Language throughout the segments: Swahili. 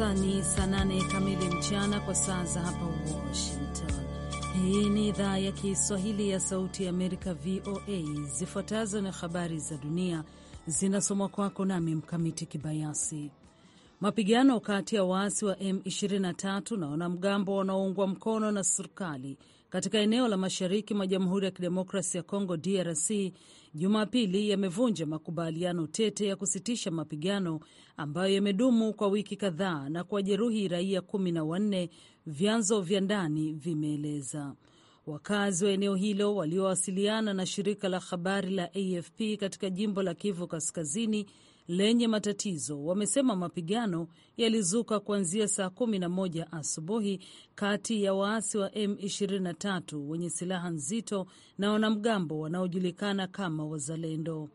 Sasa ni saa nane kamili mchana kwa saa za hapa Washington. Hii ni idhaa ya Kiswahili ya Sauti ya Amerika, VOA. Zifuatazo na habari za dunia zinasomwa kwako nami Mkamiti Kibayasi. Mapigano kati ya waasi wa M23 na wanamgambo wanaoungwa mkono na serikali katika eneo la mashariki mwa Jamhuri ya Kidemokrasi ya Kongo, DRC, Jumapili yamevunja makubaliano tete ya kusitisha mapigano ambayo yamedumu kwa wiki kadhaa na kuwajeruhi raia kumi na wanne, vyanzo vya ndani vimeeleza. Wakazi wa eneo hilo waliowasiliana na shirika la habari la AFP katika jimbo la Kivu Kaskazini lenye matatizo wamesema mapigano yalizuka kuanzia saa kumi na moja asubuhi kati ya waasi wa M23 wenye silaha nzito na wanamgambo wanaojulikana kama Wazalendo.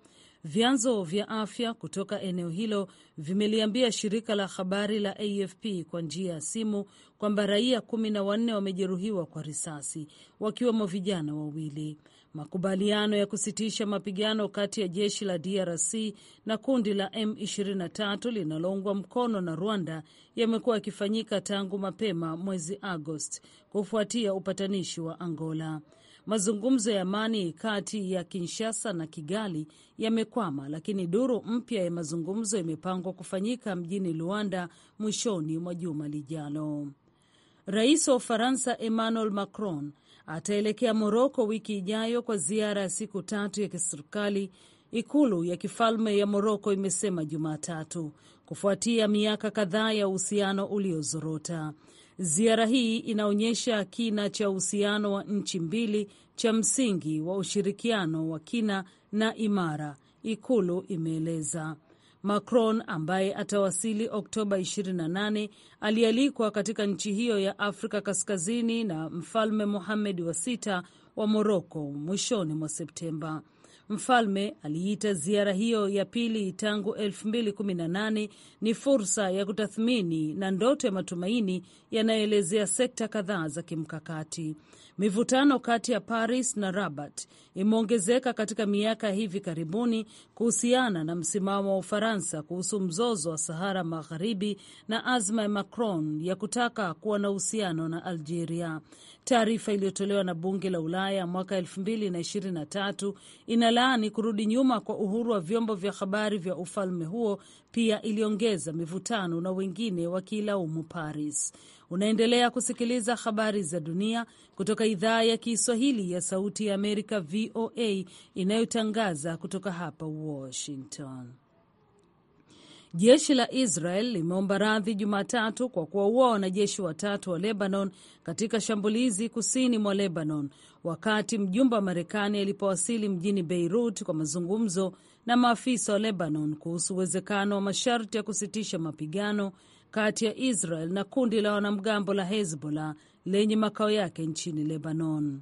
Vyanzo vya afya kutoka eneo hilo vimeliambia shirika la habari la AFP kwa njia ya simu kwamba raia kumi na wanne wamejeruhiwa kwa risasi wakiwemo vijana wawili. Makubaliano ya kusitisha mapigano kati ya jeshi la DRC na kundi la M23 linaloungwa mkono na Rwanda yamekuwa yakifanyika tangu mapema mwezi Agosti kufuatia upatanishi wa Angola. Mazungumzo ya amani kati ya Kinshasa na Kigali yamekwama, lakini duru mpya ya mazungumzo imepangwa kufanyika mjini Luanda mwishoni mwa juma lijalo. Rais wa Ufaransa Emmanuel Macron ataelekea Moroko wiki ijayo kwa ziara ya siku tatu ya kiserikali, ikulu ya kifalme ya Moroko imesema Jumatatu, kufuatia miaka kadhaa ya uhusiano uliozorota. Ziara hii inaonyesha kina cha uhusiano wa nchi mbili cha msingi wa ushirikiano wa kina na imara, ikulu imeeleza. Macron ambaye atawasili Oktoba 28 alialikwa katika nchi hiyo ya Afrika Kaskazini na Mfalme Mohamed wa Sita wa Moroko mwishoni mwa Septemba. Mfalme aliita ziara hiyo ya pili tangu 2018 ni fursa ya kutathmini na ndoto ya matumaini yanayoelezea sekta kadhaa za kimkakati. Mivutano kati ya Paris na Rabat imeongezeka katika miaka hivi karibuni kuhusiana na msimamo wa Ufaransa kuhusu mzozo wa Sahara Magharibi na azma ya Macron ya kutaka kuwa na uhusiano na Algeria. Taarifa iliyotolewa na bunge la Ulaya mwaka 2023 inalaani kurudi nyuma kwa uhuru wa vyombo vya habari vya ufalme huo. Pia iliongeza mivutano na wengine wakiilaumu Paris. Unaendelea kusikiliza habari za dunia kutoka idhaa ya Kiswahili ya Sauti ya Amerika, VOA, inayotangaza kutoka hapa Washington. Jeshi la Israel limeomba radhi Jumatatu kwa kuwaua wanajeshi watatu wa Lebanon katika shambulizi kusini mwa Lebanon, wakati mjumbe wa Marekani alipowasili mjini Beirut kwa mazungumzo na maafisa wa Lebanon kuhusu uwezekano wa masharti ya kusitisha mapigano kati ya Israel na kundi la wanamgambo la Hezbollah lenye makao yake nchini Lebanon.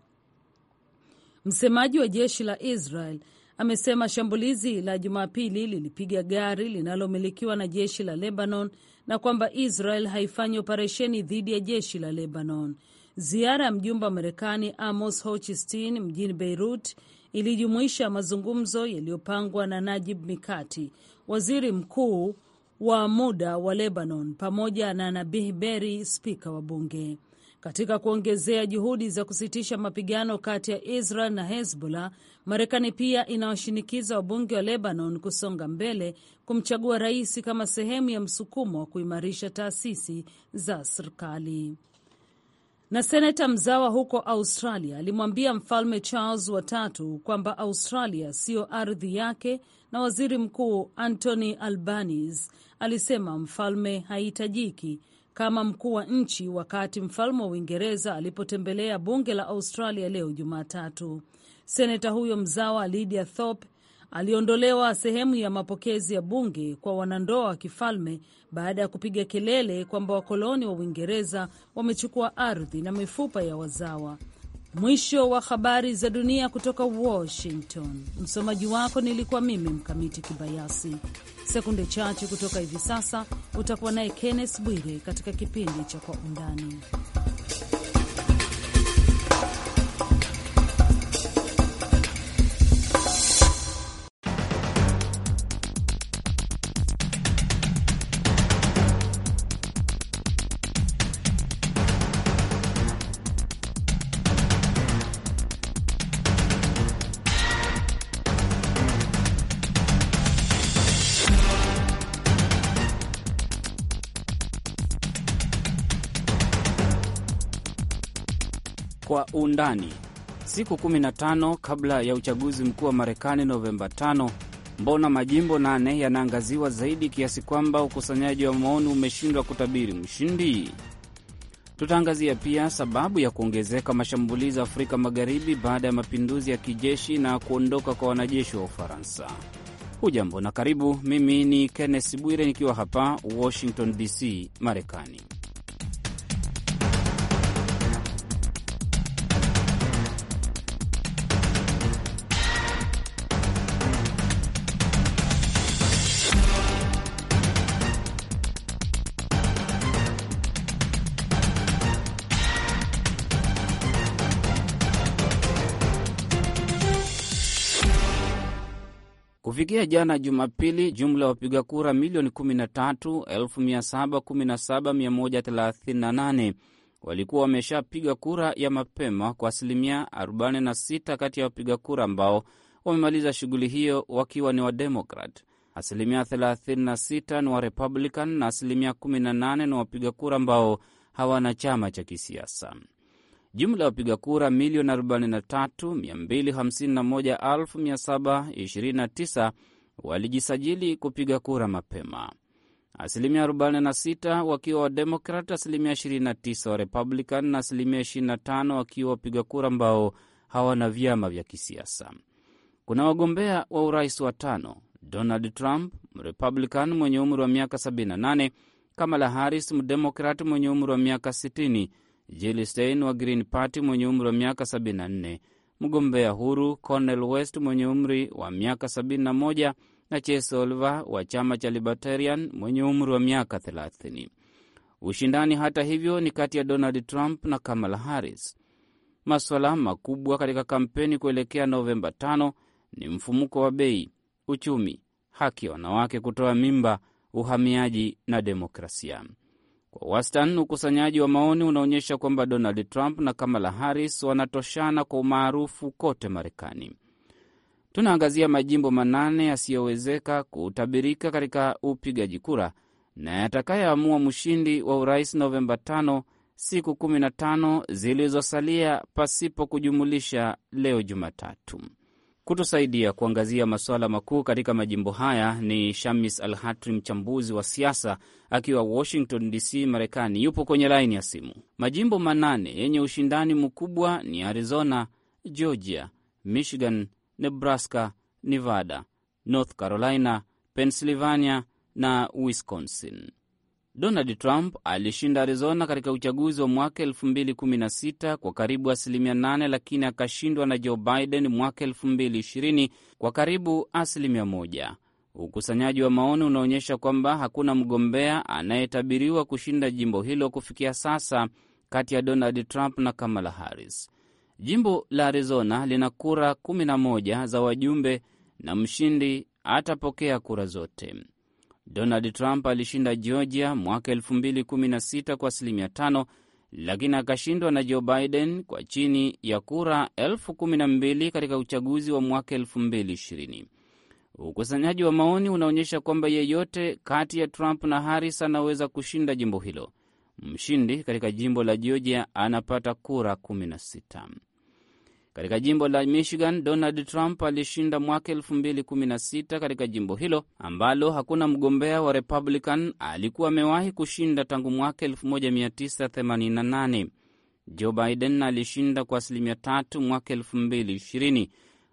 Msemaji wa jeshi la Israel amesema shambulizi la Jumapili lilipiga gari linalomilikiwa na jeshi la Lebanon na kwamba Israel haifanyi operesheni dhidi ya jeshi la Lebanon. Ziara ya mjumbe wa Marekani Amos Hochstein mjini Beirut ilijumuisha mazungumzo yaliyopangwa na Najib Mikati, waziri mkuu wa muda wa Lebanon, pamoja na Nabih Berri, spika wa bunge. Katika kuongezea juhudi za kusitisha mapigano kati ya Israel na Hezbollah, Marekani pia inawashinikiza wabunge wa Lebanon kusonga mbele kumchagua rais kama sehemu ya msukumo wa kuimarisha taasisi za serikali. Na seneta mzawa huko Australia alimwambia Mfalme Charles watatu kwamba Australia siyo ardhi yake, na waziri mkuu Anthony Albanese alisema mfalme haihitajiki kama mkuu wa nchi wakati mfalme wa Uingereza alipotembelea bunge la Australia leo Jumatatu. Seneta huyo mzawa Lydia Thorpe aliondolewa sehemu ya mapokezi ya bunge kwa wanandoa wa kifalme baada ya kupiga kelele kwamba wakoloni wa Uingereza wamechukua ardhi na mifupa ya wazawa. Mwisho wa habari za dunia kutoka Washington. Msomaji wako nilikuwa mimi Mkamiti Kibayasi. Sekunde chache kutoka hivi sasa utakuwa naye Kenneth Bwire katika kipindi cha Kwa Undani. undani. Siku 15 kabla ya uchaguzi mkuu wa Marekani Novemba 5, mbona majimbo nane yanaangaziwa zaidi kiasi kwamba ukusanyaji wa maoni umeshindwa kutabiri mshindi? Tutaangazia pia sababu ya kuongezeka mashambulizi Afrika Magharibi baada ya mapinduzi ya kijeshi na kuondoka kwa wanajeshi wa Ufaransa. Hujambo na karibu. Mimi ni Kenneth Bwire nikiwa hapa Washington DC, Marekani. Kufikia jana Jumapili, jumla ya wapiga kura milioni 13,717,138 walikuwa wameshapiga kura ya mapema kwa asilimia 46 kati ya wapiga kura ambao wamemaliza shughuli hiyo wakiwa ni Wademokrat, asilimia 36 ni Warepublican na asilimia 18 ni wapiga kura ambao hawana chama cha kisiasa. Jumla ya wapiga kura milioni 43,251,729 walijisajili kupiga kura mapema, asilimia 46 wakiwa Wademokrat, asilimia 29 Warepublican na asilimia 25 wakiwa wapiga kura ambao hawana vyama vya kisiasa. Kuna wagombea wa urais watano: Donald Trump Mrepublican mwenye umri wa miaka 78, Kamala Harris Mdemokrat mwenye umri wa miaka 60 Jill Stein wa Green Party mwenye umri wa miaka 74, mgombea huru Cornel West mwenye umri wa miaka 71 na Chase Oliver wa chama cha Libertarian mwenye umri wa miaka 30. Ushindani hata hivyo ni kati ya Donald Trump na Kamala Harris. Maswala makubwa katika kampeni kuelekea Novemba 5 ni mfumuko wa bei, uchumi, haki ya wanawake kutoa mimba, uhamiaji na demokrasia. Kwa wastani, ukusanyaji wa maoni unaonyesha kwamba Donald Trump na Kamala Harris wanatoshana kwa umaarufu kote Marekani. Tunaangazia majimbo manane yasiyowezeka kutabirika katika upigaji kura na yatakayoamua mshindi wa urais Novemba 5, siku 15 zilizosalia, pasipo kujumulisha leo Jumatatu. Kutusaidia kuangazia masuala makuu katika majimbo haya ni Shamis Al Hatri, mchambuzi wa siasa akiwa Washington DC, Marekani. Yupo kwenye laini ya simu. Majimbo manane yenye ushindani mkubwa ni Arizona, Georgia, Michigan, Nebraska, Nevada, North Carolina, Pennsylvania na Wisconsin. Donald Trump alishinda Arizona katika uchaguzi wa mwaka 2016 kwa karibu asilimia 8, lakini akashindwa na Joe Biden mwaka 2020 kwa karibu asilimia 1. Ukusanyaji wa maoni unaonyesha kwamba hakuna mgombea anayetabiriwa kushinda jimbo hilo kufikia sasa kati ya Donald Trump na Kamala Harris. Jimbo la Arizona lina kura 11 za wajumbe na mshindi atapokea kura zote. Donald Trump alishinda Georgia mwaka 2016 kwa asilimia 5, lakini akashindwa na Joe Biden kwa chini ya kura 12 katika uchaguzi wa mwaka 2020. Ukusanyaji wa maoni unaonyesha kwamba yeyote kati ya Trump na Harris anaweza kushinda jimbo hilo. Mshindi katika jimbo la Georgia anapata kura 16. Katika jimbo la Michigan, Donald Trump alishinda mwaka 2016 katika jimbo hilo ambalo hakuna mgombea wa Republican alikuwa amewahi kushinda tangu mwaka 1988. Joe Biden alishinda kwa asilimia tatu mwaka 2020.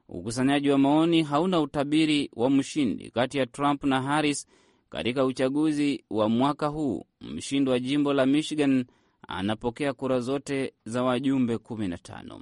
Ukusanyaji wa maoni hauna utabiri wa mshindi kati ya Trump na Harris katika uchaguzi wa mwaka huu. Mshindi wa jimbo la Michigan anapokea kura zote za wajumbe 15.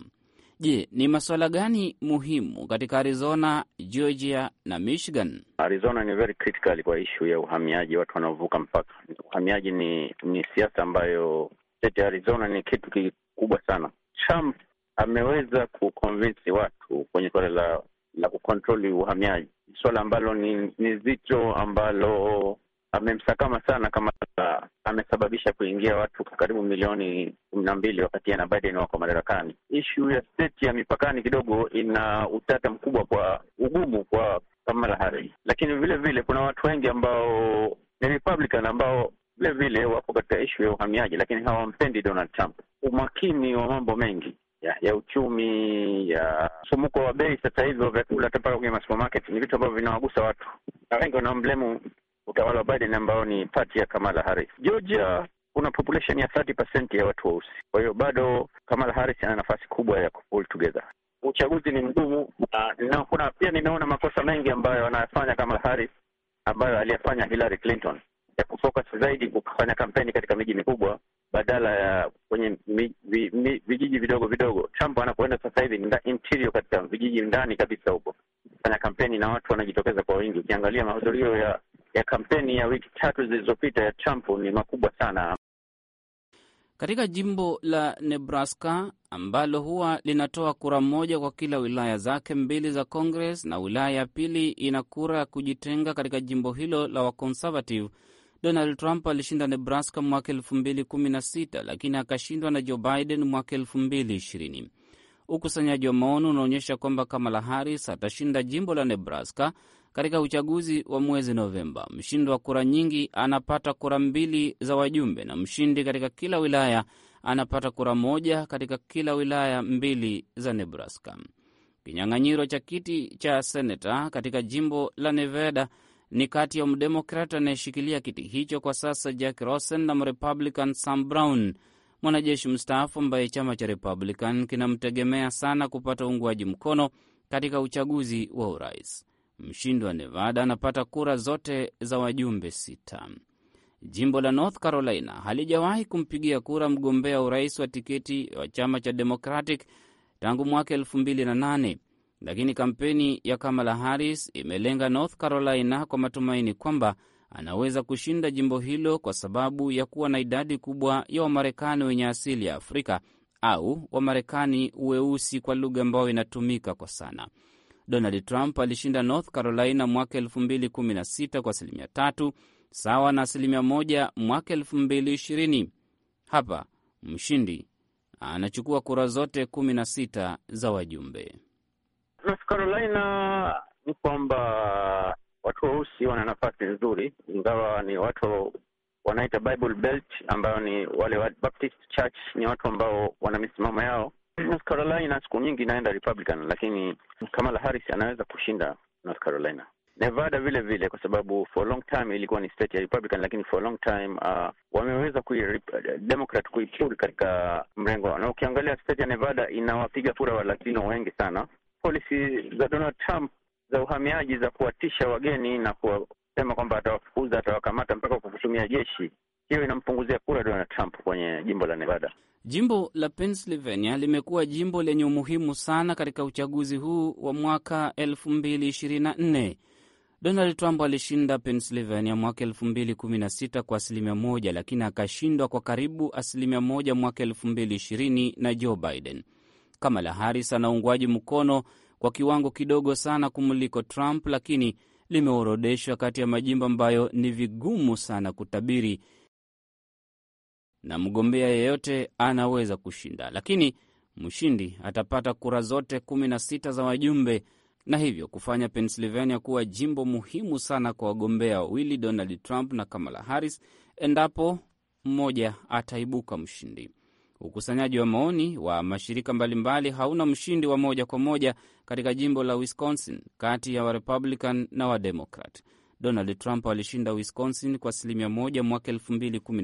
Je, ni masuala gani muhimu katika Arizona, Georgia na Michigan? Arizona ni very critical kwa ishu ya uhamiaji, watu wanaovuka mpaka. Uhamiaji ni ni siasa ambayo state ya Arizona ni kitu kikubwa sana. Trump ameweza kuconvince watu kwenye suala la la kukontroli uhamiaji, suala ambalo ni, ni zito ambalo amemsakama sana kama uh, amesababisha kuingia watu karibu milioni kumi na mbili wakati ana Biden wako madarakani. Ishu ya state ya mipakani kidogo ina utata mkubwa kwa ugumu kwa Kamala Harris, lakini vile vile kuna watu wengi ambao ni Republican ambao vile vile wako katika ishu ya uhamiaji, lakini hawampendi Donald Trump. Umakini wa mambo mengi ya, ya uchumi ya msumuko wa bei sasa hivi wa vyakula hata mpaka kwenye masupermarket ni vitu ambavyo vinawagusa watu na wengi wanamblemu utawala wa Biden ambao ni pati ya Kamala Harris. Georgia kuna population ya 30% ya watu weusi, kwa hiyo bado Kamala Harris ana nafasi kubwa ya kupull together. Uchaguzi ni mgumu na kuna pia nimeona makosa mengi ambayo anayafanya Kamala Harris ambayo aliyafanya Hillary Clinton ya kufocus zaidi kufanya kampeni katika miji mikubwa badala ya kwenye mi, mi, vijiji vidogo vidogo. Trump anapoenda sasa hivi ni interior, katika vijiji ndani kabisa huko fanya kampeni na watu wanajitokeza kwa wingi. Ukiangalia mahudhurio ya ya kampeni ya wiki tatu zilizopita ya Trump ni makubwa sana. Katika jimbo la Nebraska ambalo huwa linatoa kura moja kwa kila wilaya zake mbili za Congress na wilaya ya pili ina kura ya kujitenga katika jimbo hilo la waconservative Donald Trump alishinda Nebraska mwaka 2016 lakini akashindwa na Joe Biden mwaka 2020. Ukusanyaji wa maoni unaonyesha kwamba Kamala Harris atashinda jimbo la Nebraska katika uchaguzi wa mwezi Novemba. Mshindi wa kura nyingi anapata kura mbili za wajumbe na mshindi katika kila wilaya anapata kura moja katika kila wilaya mbili za Nebraska. Kinyang'anyiro cha kiti cha seneta katika jimbo la Nevada ni kati ya mdemokrat anayeshikilia kiti hicho kwa sasa Jack Rosen na mrepublican Sam Brown, mwanajeshi mstaafu ambaye chama cha Republican kinamtegemea sana kupata uungwaji mkono katika uchaguzi wa urais. Mshindi wa Nevada anapata kura zote za wajumbe sita. Jimbo la North Carolina halijawahi kumpigia kura mgombea urais wa tiketi wa chama cha Democratic tangu mwaka 2008 lakini kampeni ya Kamala Harris imelenga North Carolina kwa matumaini kwamba anaweza kushinda jimbo hilo kwa sababu ya kuwa na idadi kubwa ya Wamarekani wenye asili ya Afrika au Wamarekani weusi kwa lugha ambayo inatumika kwa sana. Donald Trump alishinda North Carolina mwaka 2016 kwa asilimia tatu sawa na asilimia moja mwaka 2020. Hapa mshindi anachukua kura zote 16 za wajumbe. North Carolina ni kwamba watu weusi wana nafasi nzuri, ingawa ni watu wanaita Bible Belt, ambayo ni wale wa Baptist Church, ni watu ambao wana misimamo yao. North Carolina siku nyingi inaenda Republican, lakini Kamala Harris anaweza kushinda North Carolina. Nevada vile vile, kwa sababu for long time ilikuwa ni state ya Republican, lakini for long time uh, wameweza kui uh, Democrat kuipuri katika mrengo, na ukiangalia state ya Nevada inawapiga kura wa Latino wengi sana, polisi za Donald Trump za uhamiaji za kuwatisha wageni na kusema kwamba atawafukuza, atawakamata mpaka kwa kutumia jeshi, hiyo inampunguzia kura Donald Trump kwenye jimbo la Nevada. Jimbo la Pennsylvania limekuwa jimbo lenye umuhimu sana katika uchaguzi huu wa mwaka elfu Donald Trump alishinda Pennsylvania mwaka 2016 kumi kwa asilimia moja, lakini akashindwa kwa karibu asilimia moja mwaka elfu na Joe Biden. Kamala Harris ana uungwaji mkono kwa kiwango kidogo sana kumliko Trump, lakini limeorodeshwa kati ya majimbo ambayo ni vigumu sana kutabiri na mgombea yeyote anaweza kushinda, lakini mshindi atapata kura zote kumi na sita za wajumbe na hivyo kufanya Pennsylvania kuwa jimbo muhimu sana kwa wagombea wawili Donald Trump na Kamala Harris endapo mmoja ataibuka mshindi. Ukusanyaji wa maoni wa mashirika mbalimbali hauna mshindi wa moja kwa moja katika jimbo la Wisconsin kati ya Warepublican na Wademokrat. Donald Trump alishinda Wisconsin kwa asilimia moja mwaka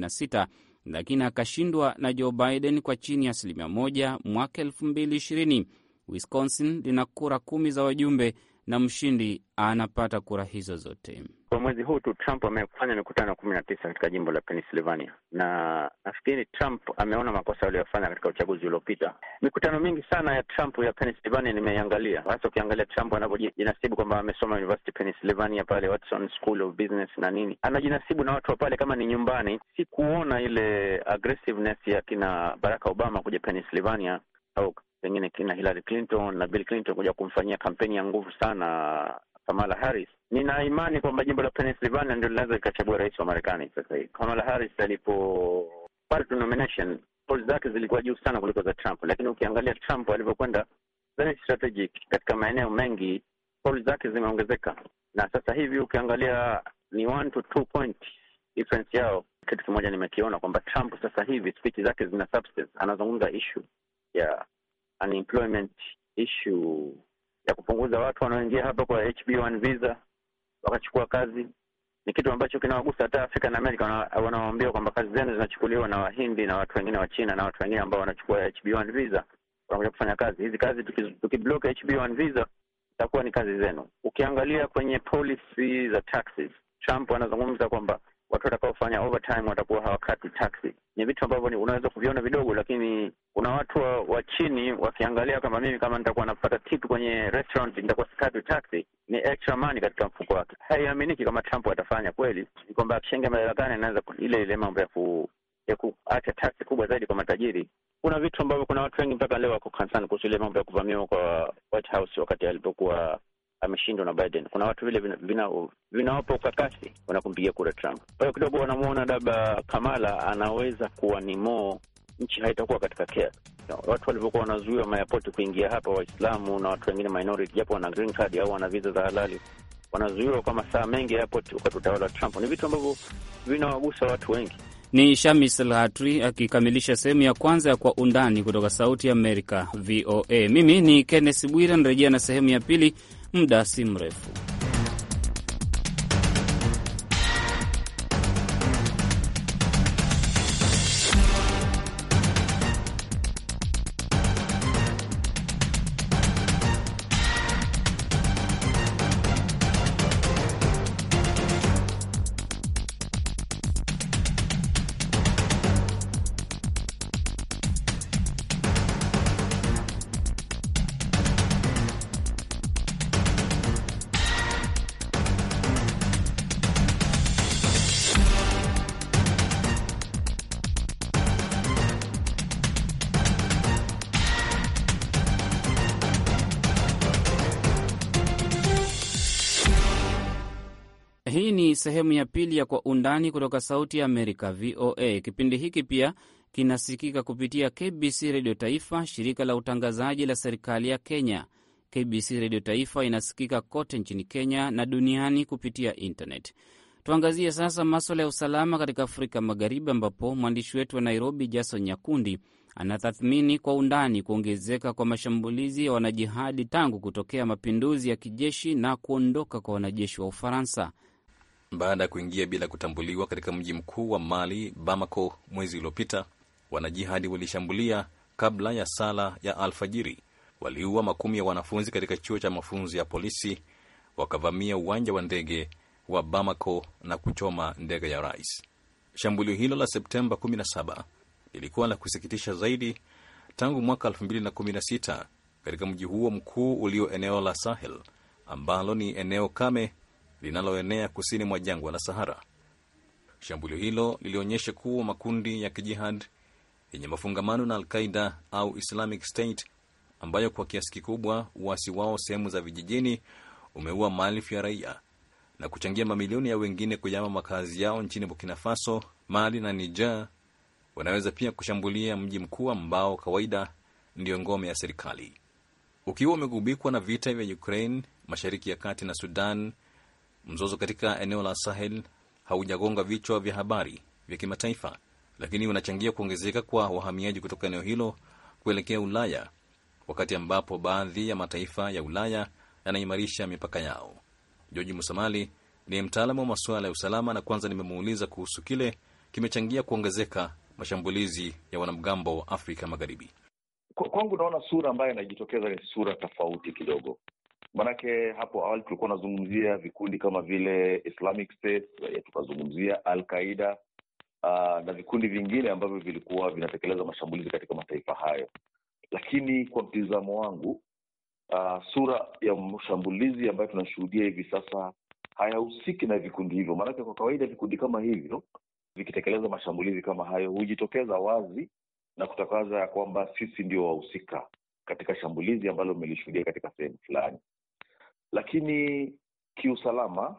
sita lakini akashindwa na Joe Biden kwa chini ya asilimia moja mwaka ishirini. Wisconsin lina kura kumi za wajumbe na mshindi anapata kura hizo zote. Kwa mwezi huu tu Trump amefanya mikutano kumi na tisa katika jimbo la Pennsylvania, na nafikiri Trump ameona makosa aliyofanya katika uchaguzi uliopita. Mikutano mingi sana ya Trump ya Pennsylvania nimeiangalia, hasa ukiangalia Trump anavyojinasibu kwamba amesoma University Pennsylvania pale Watson School of Business na nini, anajinasibu na watu wa pale kama ni nyumbani. Si kuona ile aggressiveness ya kina Barack Obama kuja Pennsylvania au pengine kina Hillary Clinton na Bill Clinton kuja kumfanyia kampeni ya nguvu sana Kamala Harris. Nina imani kwamba jimbo la Pennsylvania ndio linaweza likachagua rais wa Marekani sasa hivi. Kamala Harris alipo party nomination polls zake zilikuwa juu sana kuliko za Trump, lakini ukiangalia Trump alivyokwenda strategic katika maeneo mengi, polls zake zimeongezeka, na sasa hivi ukiangalia ni one to two point difference yao. Kitu kimoja nimekiona kwamba Trump sasa hivi speech zake zina substance, anazungumza issue ya unemployment issue ya kupunguza watu wanaoingia hapa kwa HB1 visa wakachukua kazi ni kitu ambacho kinawagusa hata Afrika na Amerika, wanawaambia kwamba kazi zenu zinachukuliwa na Wahindi na watu wengine wa China na watu wengine ambao wanachukua HB1 visa wanakuja kufanya kazi hizi. Kazi tukiblock HB1 visa itakuwa ni kazi zenu. Ukiangalia kwenye policy za taxes, Trump anazungumza kwamba watu watakaofanya overtime watakuwa hawakati taxi. Ni vitu ambavyo unaweza kuviona vidogo, lakini kuna watu wa, wa chini wakiangalia kama mimi kama nitakuwa napata tip kwenye restaurant nitakuwa sikati taxi, ni extra money katika mfuko wake. Haiaminiki kama Trump atafanya kweli, ni kwamba akishaingia madarakani anaweza ile ile mambo ya ku ya kuacha taxi kubwa zaidi kwa matajiri. Kuna vitu ambavyo kuna watu wengi mpaka leo wako concern kuhusu ile mambo ya kuvamiwa kwa White House wakati alipokuwa ameshindwa na Biden. Kuna watu vile vinawapa vina, ukakasi wanakumpigia kura Trump. Kwa hiyo kidogo wanamwona labda Kamala anaweza kuwa ni mo nchi haitakuwa katika care. No, watu walivyokuwa wanazuiwa mayapoti kuingia hapa, Waislamu na watu wengine minority, japo wana green card au wana visa za halali wanazuiwa kwa masaa mengi airport wakati utawala wa Trump. Ni vitu ambavyo vinawagusa watu wengi. Ni Shamis Lhatri akikamilisha sehemu ya kwanza ya Kwa Undani kutoka Sauti ya Amerika, VOA. Mimi ni Kenneth Bwira, narejea na sehemu ya pili muda si mrefu. sehemu ya pili ya Kwa Undani kutoka Sauti ya Amerika, VOA. Kipindi hiki pia kinasikika kupitia KBC Redio Taifa, shirika la utangazaji la serikali ya Kenya. KBC Redio Taifa inasikika kote nchini Kenya na duniani kupitia intanet. Tuangazie sasa maswala ya usalama katika Afrika Magharibi, ambapo mwandishi wetu wa Nairobi, Jason Nyakundi, anatathmini kwa undani kuongezeka kwa mashambulizi ya wanajihadi tangu kutokea mapinduzi ya kijeshi na kuondoka kwa wanajeshi wa Ufaransa baada ya kuingia bila kutambuliwa katika mji mkuu wa Mali, Bamako, mwezi uliopita. Wanajihadi walishambulia kabla ya sala ya alfajiri, waliua makumi ya wanafunzi katika chuo cha mafunzo ya polisi, wakavamia uwanja wa ndege wa Bamako na kuchoma ndege ya rais. Shambulio hilo la Septemba 17 lilikuwa la kusikitisha zaidi tangu mwaka 2016 katika mji huo mkuu ulio eneo la Sahel ambalo ni eneo kame linaloenea kusini mwa jangwa la Sahara. Shambulio hilo lilionyesha kuwa makundi ya kijihad yenye mafungamano na Alqaida au Islamic State, ambayo kwa kiasi kikubwa uasi wao sehemu za vijijini umeua maelfu ya raia na kuchangia mamilioni ya wengine kuyama makazi yao nchini Burkina Faso, Mali na Niger. Wanaweza pia kushambulia mji mkuu ambao kawaida ndiyo ngome ya serikali. Ukiwa umegubikwa na vita vya Ukraine, mashariki ya kati na Sudan, Mzozo katika eneo la Sahel haujagonga vichwa vya habari vya kimataifa, lakini unachangia kuongezeka kwa wahamiaji kutoka eneo hilo kuelekea Ulaya, wakati ambapo baadhi ya mataifa ya Ulaya yanaimarisha mipaka yao. George Musamali ni mtaalamu wa masuala ya usalama, na kwanza nimemuuliza kuhusu kile kimechangia kuongezeka mashambulizi ya wanamgambo wa Afrika Magharibi. Kwangu naona sura ambayo inajitokeza ni sura tofauti kidogo. Maanake hapo awali tulikuwa unazungumzia vikundi kama vile Islamic State, eh, tukazungumzia Al Qaida uh, na vikundi vingine ambavyo vilikuwa vinatekeleza mashambulizi katika mataifa hayo, lakini kwa mtizamo wangu uh, sura ya mashambulizi ambayo tunashuhudia hivi sasa hayahusiki na vikundi hivyo, maanake kwa kawaida vikundi kama hivyo vikitekeleza mashambulizi kama hayo hujitokeza wazi na kutangaza ya kwamba sisi ndio wahusika katika shambulizi ambalo mmelishuhudia katika sehemu fulani lakini kiusalama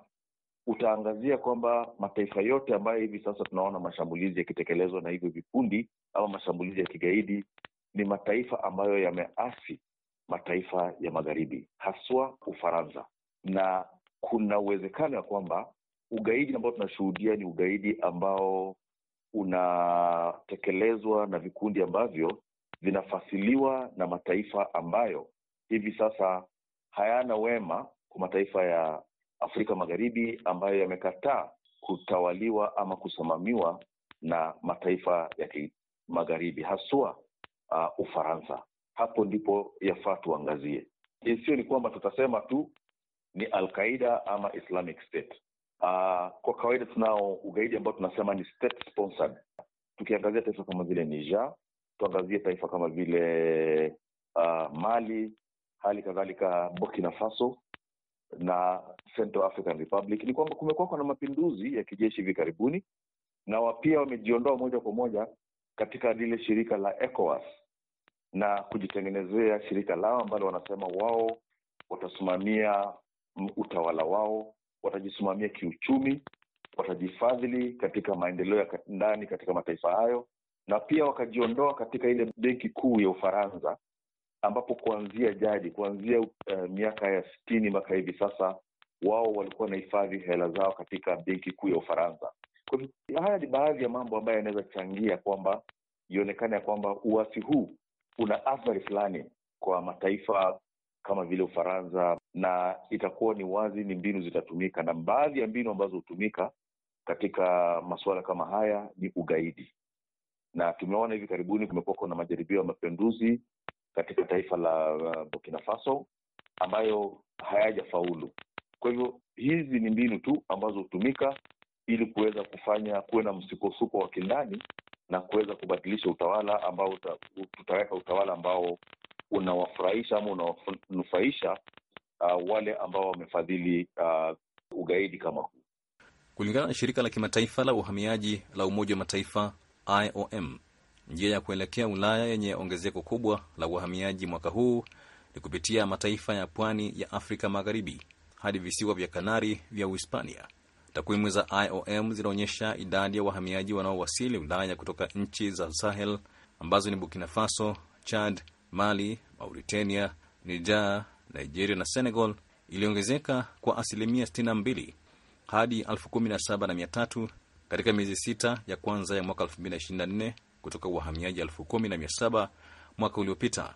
utaangazia kwamba mataifa yote ambayo hivi sasa tunaona mashambulizi yakitekelezwa na hivyo vikundi ama mashambulizi ya kigaidi ni mataifa ambayo yameasi mataifa ya magharibi haswa Ufaransa, na kuna uwezekano ya kwamba ugaidi ambao tunashuhudia ni ugaidi ambao unatekelezwa na vikundi ambavyo vinafasiliwa na mataifa ambayo hivi sasa hayana wema kwa mataifa ya Afrika Magharibi ambayo yamekataa kutawaliwa ama kusimamiwa na mataifa ya kimagharibi haswa uh, Ufaransa. Hapo ndipo yafaa tuangazie, sio ni kwamba tutasema tu ni Alqaida ama Islamic State. Uh, kwa kawaida tunao ugaidi ambao tunasema ni state sponsored. Tukiangazia taifa kama vile Niger, tuangazie taifa kama vile uh, Mali hali kadhalika burkina faso na Central African Republic ni kwamba kumekuwako na mapinduzi ya kijeshi hivi karibuni, na pia wamejiondoa moja kwa moja katika lile shirika la ECOWAS na kujitengenezea shirika lao ambalo wanasema wao watasimamia utawala wao, watajisimamia kiuchumi, watajifadhili katika maendeleo ya ndani katika mataifa hayo, na pia wakajiondoa katika ile benki kuu ya Ufaransa ambapo kuanzia jadi kuanzia uh, miaka ya sitini mpaka hivi sasa wao walikuwa wanahifadhi hela zao katika benki kuu ya Ufaransa. haya ni baadhi ya mambo ambayo yanaweza changia kwamba ionekane ya kwamba uasi huu una athari fulani kwa mataifa kama vile Ufaransa, na itakuwa ni wazi ni mbinu zitatumika, na baadhi ya mbinu ambazo hutumika katika masuala kama haya ni ugaidi, na tumeona hivi karibuni kumekuwa kuna majaribio ya mapinduzi katika taifa la uh, Burkina Faso ambayo hayajafaulu. Kwa hivyo hizi ni mbinu tu ambazo hutumika ili kuweza kufanya kuwe na msukosuko wa kindani na kuweza kubadilisha utawala ambao uta, tutaweka utawala ambao unawafurahisha ama unawanufaisha uh, wale ambao wamefadhili uh, ugaidi kama huu. Kulingana na shirika la kimataifa la uhamiaji la Umoja wa Mataifa IOM, Njia ya kuelekea Ulaya yenye ongezeko kubwa la uhamiaji mwaka huu ni kupitia mataifa ya pwani ya Afrika Magharibi hadi visiwa vya Kanari vya Uhispania. Takwimu za IOM zinaonyesha idadi ya wahamiaji wanaowasili Ulaya kutoka nchi za Sahel ambazo ni Burkina Faso, Chad, Mali, Mauritania, Niger, Nigeria na Senegal iliongezeka kwa asilimia 62 hadi 17,300 katika miezi sita ya kwanza ya mwaka 2024 kutoka wahamiaji elfu kumi na mia saba mwaka uliopita.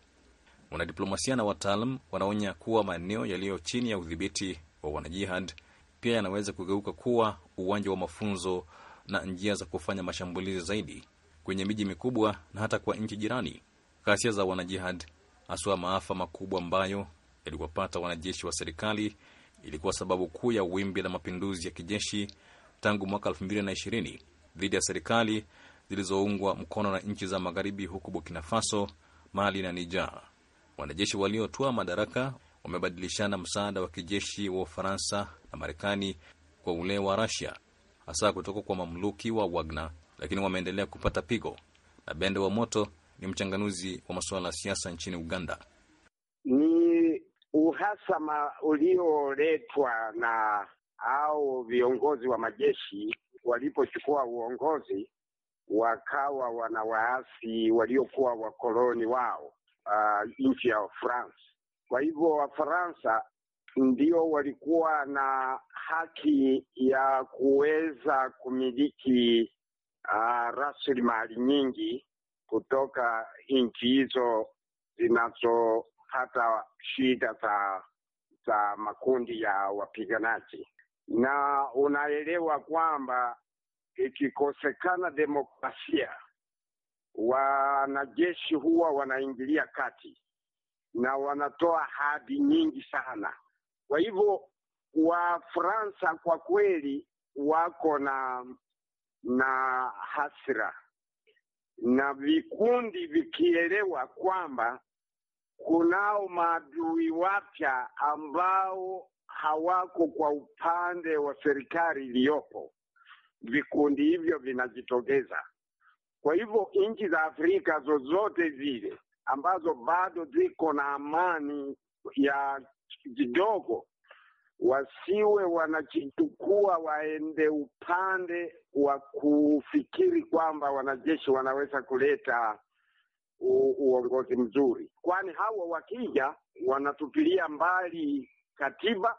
Wanadiplomasia na wataalam wanaonya kuwa maeneo yaliyo chini ya udhibiti wa wanajihad pia yanaweza kugeuka kuwa uwanja wa mafunzo na njia za kufanya mashambulizi zaidi kwenye miji mikubwa na hata kwa nchi jirani. Ghasia za wanajihad, haswa maafa makubwa ambayo yaliwapata wanajeshi wa serikali, ilikuwa sababu kuu ya wimbi la mapinduzi ya kijeshi tangu mwaka 2020 dhidi ya serikali zilizoungwa mkono na nchi za magharibi huku Burkina Faso, Mali na Niger. Wanajeshi waliotoa madaraka wamebadilishana msaada wa kijeshi wa Ufaransa na Marekani kwa ule wa Rasia, hasa kutoka kwa mamluki wa Wagner, lakini wameendelea kupata pigo. Na Bende wa Moto ni mchanganuzi wa masuala ya siasa nchini Uganda. Ni uhasama ulioletwa na au viongozi wa majeshi walipochukua uongozi wakawa wana waasi waliokuwa wakoloni wao ah, nchi ya France. Kwa hivyo Wafaransa ndio walikuwa na haki ya kuweza kumiliki uh, rasilimali nyingi kutoka nchi hizo zinazopata shida za za makundi ya wapiganaji, na unaelewa kwamba ikikosekana demokrasia, wanajeshi huwa wanaingilia kati na wanatoa hadi nyingi sana. Kwa hivyo Wafaransa kwa kweli wako na na hasira, na vikundi vikielewa kwamba kunao maadui wapya ambao hawako kwa upande wa serikali iliyopo vikundi hivyo vinajitokeza. Kwa hivyo nchi za Afrika zozote zile ambazo bado ziko na amani ya kidogo, wasiwe wanachitukua waende upande wa kufikiri kwamba wanajeshi wanaweza kuleta uongozi mzuri, kwani hawa wakija wanatupilia mbali katiba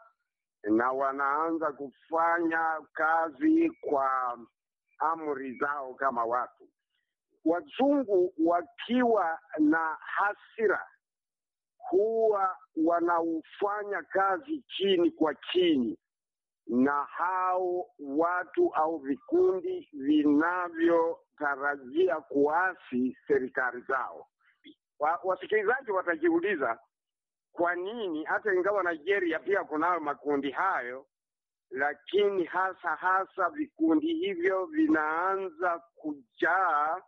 na wanaanza kufanya kazi kwa amri zao kama watu. Wazungu wakiwa na hasira huwa wanaufanya kazi chini kwa chini na hao watu au vikundi vinavyotarajia kuasi serikali zao. Wasikilizaji watajiuliza kwa nini? Hata ingawa Nigeria pia kunayo makundi hayo, lakini hasa hasa vikundi hivyo vinaanza kujaa,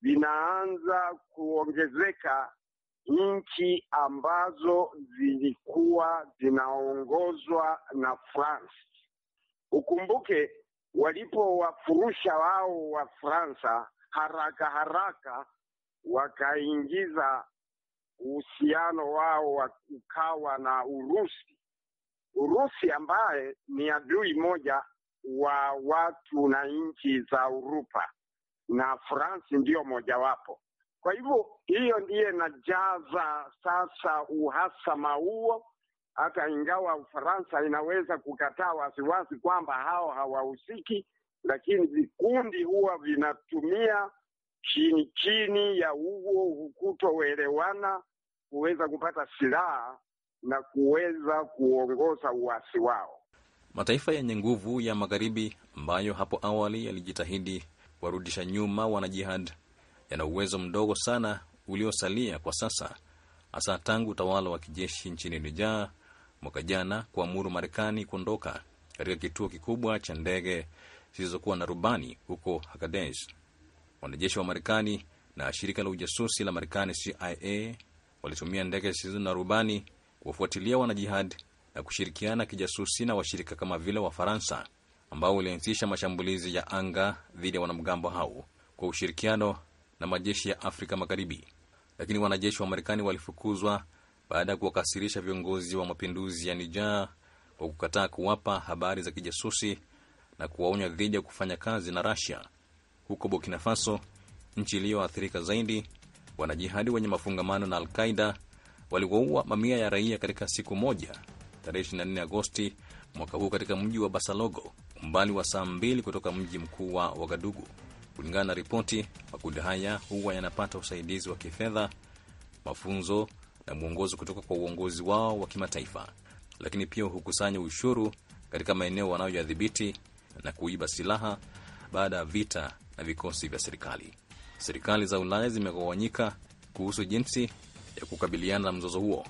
vinaanza kuongezeka nchi ambazo zilikuwa zinaongozwa na France. Ukumbuke walipowafurusha wao wa Fransa haraka haraka wakaingiza uhusiano wao ukawa na Urusi. Urusi ambaye ni adui moja wa watu na nchi za Urupa na Fransi ndiyo mojawapo. Kwa hivyo hiyo ndiye inajaza sasa uhasama huo, hata ingawa Ufaransa inaweza kukataa wasiwasi kwamba hao hawahusiki, lakini vikundi huwa vinatumia chini chini ya huo kutoelewana kuweza kupata silaha na kuweza kuongoza uasi wao. Mataifa yenye nguvu ya magharibi ambayo hapo awali yalijitahidi kuwarudisha nyuma wanajihad yana uwezo mdogo sana uliosalia kwa sasa, hasa tangu utawala wa kijeshi nchini nijaa mwaka jana kuamuru Marekani kuondoka katika kituo kikubwa cha ndege zisizokuwa na rubani huko Hagades. Wanajeshi wa Marekani na shirika la ujasusi la Marekani CIA walitumia ndege zisizo na rubani kuwafuatilia wanajihadi na kushirikiana kijasusi na washirika kama vile Wafaransa ambao walianzisha mashambulizi ya anga dhidi ya wanamgambo hao kwa ushirikiano na majeshi ya Afrika Magharibi. Lakini wanajeshi wa Marekani walifukuzwa baada ya kuwakasirisha viongozi wa mapinduzi ya nijaa kwa kukataa kuwapa habari za kijasusi na kuwaonya dhidi ya kufanya kazi na rasia Huko Burkina Faso, nchi iliyoathirika zaidi, wanajihadi wenye mafungamano na Alqaida waliwaua mamia ya raia katika siku moja tarehe 24 Agosti mwaka huu katika mji wa Basalogo, umbali wa saa mbili kutoka mji mkuu wa Wagadugu. Kulingana na ripoti, makundi haya huwa yanapata usaidizi wa kifedha, mafunzo na mwongozo kutoka kwa uongozi wao wa kimataifa, lakini pia hukusanya ushuru katika maeneo wanayoyadhibiti na kuiba silaha baada ya vita na vikosi vya serikali. Serikali za Ulaya zimegawanyika kuhusu jinsi ya kukabiliana na mzozo huo.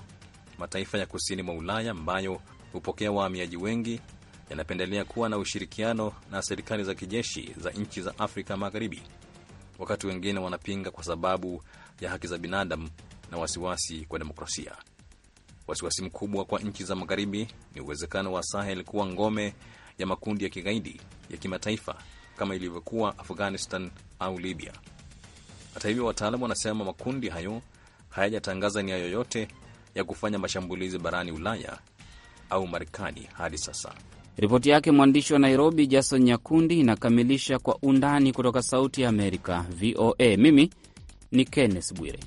Mataifa ya kusini mwa Ulaya ambayo hupokea wahamiaji wengi yanapendelea kuwa na ushirikiano na serikali za kijeshi za nchi za Afrika Magharibi, wakati wengine wanapinga kwa sababu ya haki za binadamu na wasiwasi kwa demokrasia. Wasiwasi mkubwa kwa nchi za Magharibi ni uwezekano wa Sahel kuwa ngome ya makundi ya kigaidi ya kimataifa kama ilivyokuwa Afghanistan au Libya. Hata hivyo, wataalamu wanasema makundi hayo hayajatangaza nia yoyote ya kufanya mashambulizi barani Ulaya au Marekani hadi sasa. Ripoti yake mwandishi wa Nairobi Jason Nyakundi inakamilisha kwa undani kutoka Sauti ya Amerika VOA. Mimi ni Kenneth Bwire.